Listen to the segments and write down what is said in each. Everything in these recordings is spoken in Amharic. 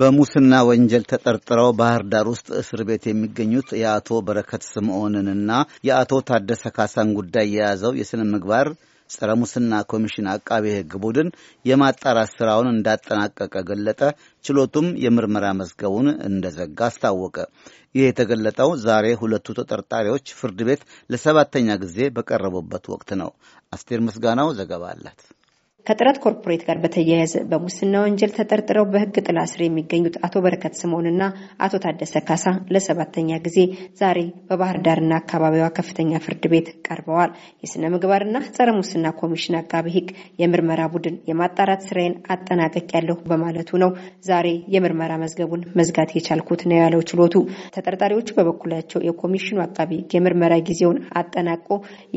በሙስና ወንጀል ተጠርጥረው ባህር ዳር ውስጥ እስር ቤት የሚገኙት የአቶ በረከት ስምዖንንና የአቶ ታደሰ ካሳን ጉዳይ የያዘው የሥነ ምግባር ጸረ ሙስና ኮሚሽን አቃቤ ሕግ ቡድን የማጣራት ስራውን እንዳጠናቀቀ ገለጠ። ችሎቱም የምርመራ መዝገቡን እንደዘጋ አስታወቀ። ይህ የተገለጠው ዛሬ ሁለቱ ተጠርጣሪዎች ፍርድ ቤት ለሰባተኛ ጊዜ በቀረቡበት ወቅት ነው። አስቴር ምስጋናው ዘገባ አላት። ከጥረት ኮርፖሬት ጋር በተያያዘ በሙስና ወንጀል ተጠርጥረው በሕግ ጥላ ስር የሚገኙት አቶ በረከት ስምኦንና አቶ ታደሰ ካሳ ለሰባተኛ ጊዜ ዛሬ በባህር ዳርና አካባቢዋ ከፍተኛ ፍርድ ቤት ቀርበዋል። የስነ ምግባርና ጸረ ሙስና ኮሚሽን አቃቢ ሕግ የምርመራ ቡድን የማጣራት ስራዬን አጠናቀቅ ያለሁ በማለቱ ነው ዛሬ የምርመራ መዝገቡን መዝጋት የቻልኩት ነው ያለው ችሎቱ። ተጠርጣሪዎቹ በበኩላቸው የኮሚሽኑ አቃቢ ሕግ የምርመራ ጊዜውን አጠናቆ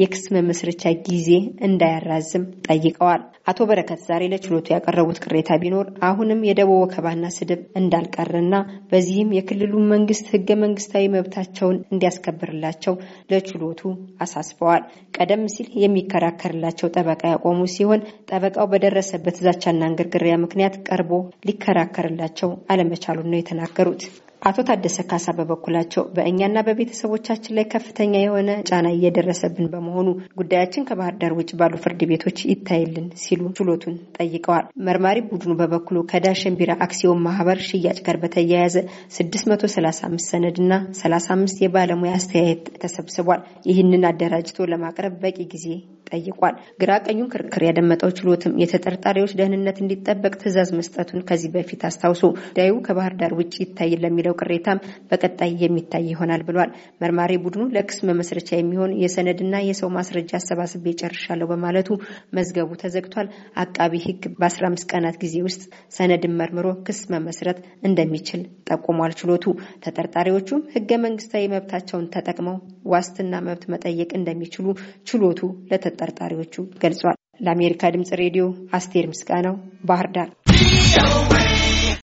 የክስ መመስረቻ ጊዜ እንዳያራዝም ጠይቀዋል። አቶ በረከት ዛሬ ለችሎቱ ያቀረቡት ቅሬታ ቢኖር አሁንም የደቦ ወከባና ስድብ እንዳልቀረና በዚህም የክልሉ መንግስት ህገ መንግስታዊ መብታቸውን እንዲያስከብርላቸው ለችሎቱ አሳስበዋል። ቀደም ሲል የሚከራከርላቸው ጠበቃ ያቆሙ ሲሆን ጠበቃው በደረሰበት ዛቻና እንግርግሪያ ምክንያት ቀርቦ ሊከራከርላቸው አለመቻሉን ነው የተናገሩት። አቶ ታደሰ ካሳ በበኩላቸው በእኛና በቤተሰቦቻችን ላይ ከፍተኛ የሆነ ጫና እየደረሰብን በመሆኑ ጉዳያችን ከባህር ዳር ውጭ ባሉ ፍርድ ቤቶች ይታይልን ሲሉ ችሎቱን ጠይቀዋል። መርማሪ ቡድኑ በበኩሉ ከዳሽን ቢራ አክሲዮን ማህበር ሽያጭ ጋር በተያያዘ 635 ሰነድ እና 35 የባለሙያ አስተያየት ተሰብስቧል። ይህንን አደራጅቶ ለማቅረብ በቂ ጊዜ ጠይቋል። ግራ ቀኙን ክርክር ያደመጠው ችሎትም የተጠርጣሪዎች ደህንነት እንዲጠበቅ ትዕዛዝ መስጠቱን ከዚህ በፊት አስታውሶ ጉዳዩ ከባህር ዳር ውጭ ይታይ ለሚለው ቅሬታም በቀጣይ የሚታይ ይሆናል ብሏል። መርማሪ ቡድኑ ለክስ መመስረቻ የሚሆን የሰነድና የሰው ማስረጃ አሰባስቤ ጨርሻለሁ በማለቱ መዝገቡ ተዘግቷል። አቃቢ ሕግ በ15 ቀናት ጊዜ ውስጥ ሰነድን መርምሮ ክስ መመስረት እንደሚችል ጠቁሟል። ችሎቱ ተጠርጣሪዎቹም ህገ መንግስታዊ መብታቸውን ተጠቅመው ዋስትና መብት መጠየቅ እንደሚችሉ ችሎቱ ለተ ተጠርጣሪዎቹ ገልጿል። ለአሜሪካ ድምጽ ሬዲዮ አስቴር ምስጋናው ባህር ዳር